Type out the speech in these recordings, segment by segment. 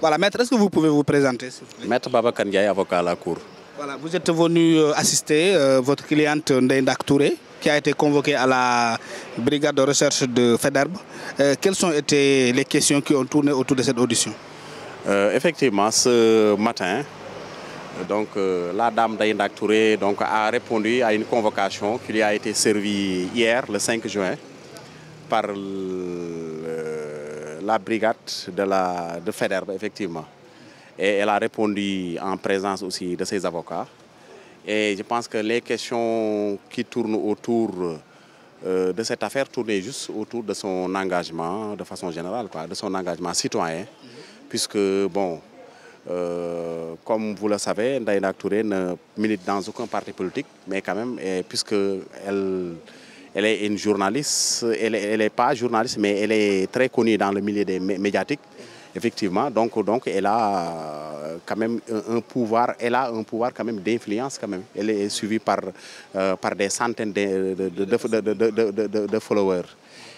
Voilà, maître, est-ce que vous pouvez vous présenter s'il vous plaît? avocat à la cour. Voilà, vous êtes venu euh, assister euh, votre cliente euh, Ndeye qui a été convoquée à la brigade de recherche de Faidherbe. Euh, quelles sont été les questions qui ont tourné autour de cette audition? effectivement, ce matin donc la dame Ndeye Touré donc a répondu à une convocation qui lui a été servie hier le 5 juin la brigade de la de Faidherbe effectivement et elle a répondu en présence aussi de ses avocats et je pense que les questions qui tournent autour euh, de cette affaire tournaient juste autour de son engagement de façon générale quoi de son engagement citoyen puisque bon euh, comme vous le savez Ndeye Ndak Touré ne milite dans aucun parti politique mais quand même et puisque elle Elle est une journaliste, elle n'est est pas journaliste, mais elle est très connue dans le milieu des médiatiques. Effectivement, donc, donc elle a euh, quand même un pouvoir, elle a un pouvoir quand même d'influence quand même. Elle est suivie par, euh, par des centaines de, de, de, de followers.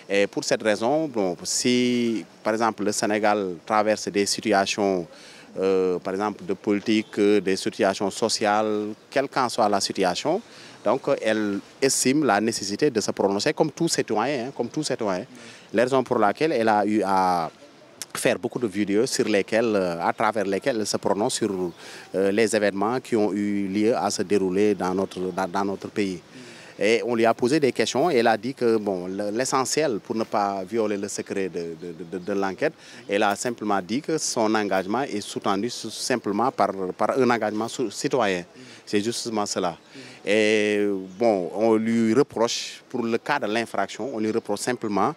Et pour cette raison, bon, si par exemple le Sénégal traverse des situations, euh, par exemple de politique, euh, des situations sociales, quelle qu'en soit la situation, Donc, elle estime la nécessité de se prononcer comme tout citoyen, hein, comme tout citoyen. La raison pour laquelle elle a eu à faire beaucoup de vidéos sur lesquelles, euh, à travers lesquelles elle se prononce sur euh, les événements qui ont eu lieu à se dérouler dans notre, pays. Mm. on lui a posé des questions et elle a dit que bon, l'essentiel pour ne pas violer le secret de, de, de, de l'enquête, elle a simplement dit que son engagement est soutenu simplement par, par un engagement citoyen. Mm. C'est justement cela. Mm. Et bon, on lui reproche, pour le cas de l'infraction, on lui reproche simplement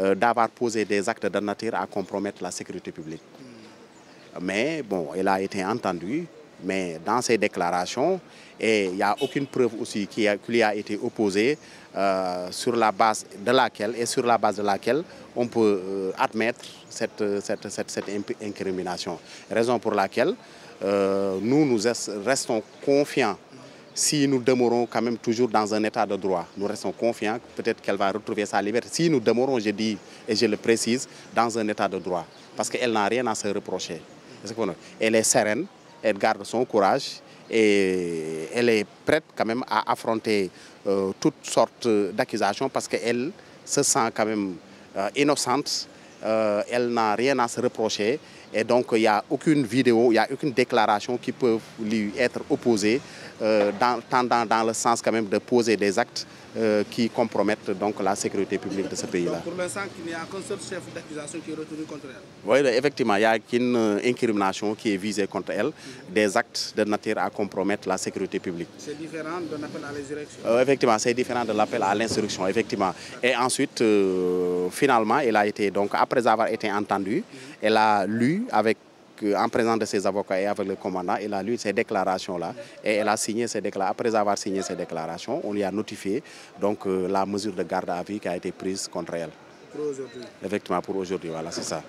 euh, d'avoir posé des actes de nature à compromettre la sécurité publique. Mais bon, elle a été entendue, mais dans ses déclarations, et il n'y a aucune preuve aussi qui, a, qui lui a été opposée euh, sur la base de laquelle et sur la base de laquelle on peut euh, admettre cette, cette, cette, cette, incrimination. Raison pour laquelle euh, nous, nous restons confiants si nous demeurons quand toujours dans un état de droit. Nous restons confiants peut-être qu'elle va retrouver sa liberté. Si nous demeurons, je le précise, dans un état de droit, parce qu'elle n'a rien à se reprocher. Elle est sereine, elle garde son courage et elle est prête à affronter euh, sorte sortes parce qu'elle se sent quand même euh, innocente, euh, elle n'a rien à se reprocher Et donc, il n'y a aucune vidéo, déclaration qui peut lui être opposée, euh, dans, tendant le sens quand de poser des actes euh, qui compromettent donc la sécurité publique de ce pays-là. Pour l'instant, il n'y a qu'un seul chef a qu'une euh, incrimination qui est visée contre elle, des actes de nature à compromettre la sécurité publique. C'est différent de l'appel à l'insurrection euh, Effectivement, c'est différent de l'appel à l'insurrection, effectivement. Et ensuite, euh, finalement, elle a été, donc après avoir été entendue, elle a lu avec euh, en présence de ses avocats et avec le commandant, elle a lu ces déclarations-là et elle a signé déclarations. Après avoir signé ces déclarations, on lui a donc euh, la mesure de garde à vue qui a été prise contre elle. Pour aujourd'hui Effectivement, pour aujourd'hui, voilà, c'est ça.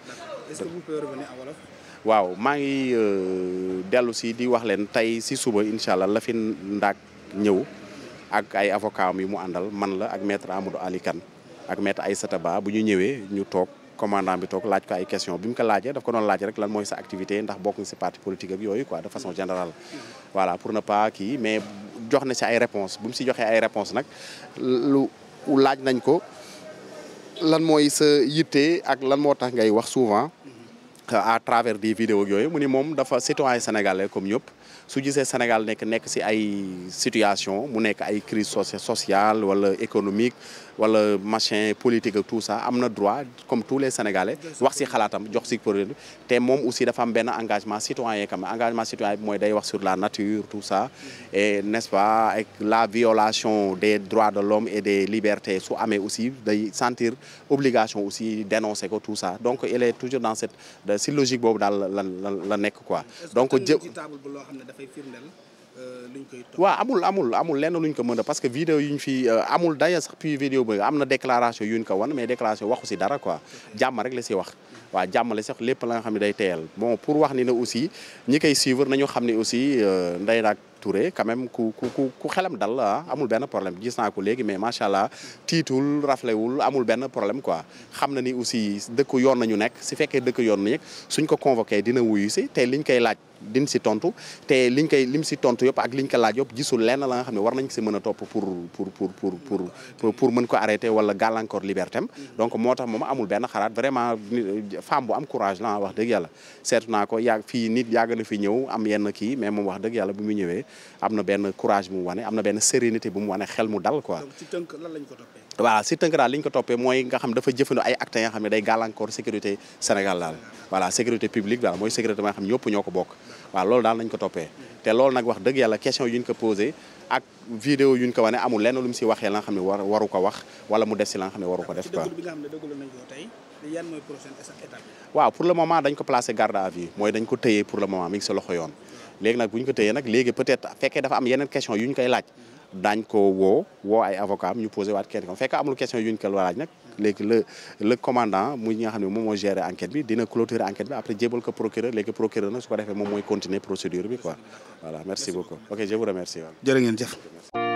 waaw maa ngi euh, dellu si di wax leen tey si suba incha allah la fi ndaak ñëw ak ay avocats yi mu àndal man la ak maître Amadou Ali Kane ak maître Aïssata Ba bu ñu ñëwee ñu toog commandant bi toog laaj ko ay question bi mu ko laajee daf ko doon laaj rek lan mooy sa activité ndax bokk nga si parti politique ak yooyu quoi de façon générale voilà pour na pas kii mais jox na si ay réponse bu mu si joxe ay réponse nag lu laaj nañ ko lan mooy sa yitte ak lan moo tax ngay wax souvent à travers des vidéos ak yooyu mu ni moom dafa citoyen sénégalais comme ñëpp su gisee Sénégal nekk nekk si ay situation mu nekk ay crise sociale wala économique wala machin politique ak tout ça am na droit comme tous les Sénégalais wax si xalaatam jox si pour te moom aussi dafa am benn engagement citoyen quand même engagement citoyen mooy day wax sur la nature tout ça e n'est-ce pas avec la violation des droits de l'homme et des libertés su amee aussi day sentir obligation aussi dénoncer ko tout ça donc il est toujours dans cette si logique boobu daal la la la nekk quoi dafay firndeel euh, luñ koy waaw amul amul amul lenn luñ ko mën a parce que vidéo yuñ fi euh, amul daya sax puis vidéo bi am na déclaration yuñ ko wan mais déclaration waxu si dara ko jàmm rek la si wax. waa jàmm la sax lépp la nga xam ne day teeyal bon pour wax ni ne aussi ñi koy suivre nañu xam ne aussi euh, nday nag. Touré quand même ku ku ku xelam dal ah, amul benn problème gis naa ko léegi mais macha allah tiitul raflewul amul benn problème quoi xam na ni aussi dëkk yoon nañu nekk si fekkee dëkk yoon nañu suñ ko convoqué dina wuyu si te liñ koy laaj din si tontu te liñ koy lim si tontu yëpp ak liñ ko laaj yëpp gisul lenn la nga xam ne war nañ si mën a topp pour pour pour pour pour mën ko arrêté wala gàllankoor liberté am donc moo tax moom amul benn xalaat vraiment femme bu am courage la wax dëgg yàlla seetu naa ko yàgg fii nit yàgg na fi ñëw am yenn kii mais moom wax dëgg yàlla bu muy ñëwee am na benn courage bu mu wane am na benn sérénité bu mu wane xel mu dal quoi. donc ci lan lañ ko toppee. waaw si tënk daal li ko toppee mooy nga xam dafa jëfandu ay actes yoo xam ne day gàllankoor sécurité Sénégal daal. voilà sécurité publique daal mooy sécurité ma xam ñëpp ñoo ko bokk. waaw loolu daal lañ ko toppee. te loolu nag wax dëgg yàlla question yu ko posé ak vidéo yu ñu ko wane amul lenn lu mu si waxee la nga xam ne war waru ko wax wala mu def si la nga xam ne waru ko def quoi. waaw pour le moment dañ ko placé garde à mooy dañ ko tëyee pour le moment mi ngi si yoon léegi nag bu ñu ko téyee nag léegi peut-être fekkee dafa am yeneen question yu ñu koy laaj daañ ko woo woo ay avocat am ñu posé waat kenn ko fekk amul question yu ñu koy laaj nag léegi le commandant muy ñi nga moom moo géré enquête bi dina clôturer enquête bi après jébal ko procureur léegi procureur nag su ko defee moom mooy continuer procédure bi quoi voilà merci beaucoup ok je vous remercie jërë ngeen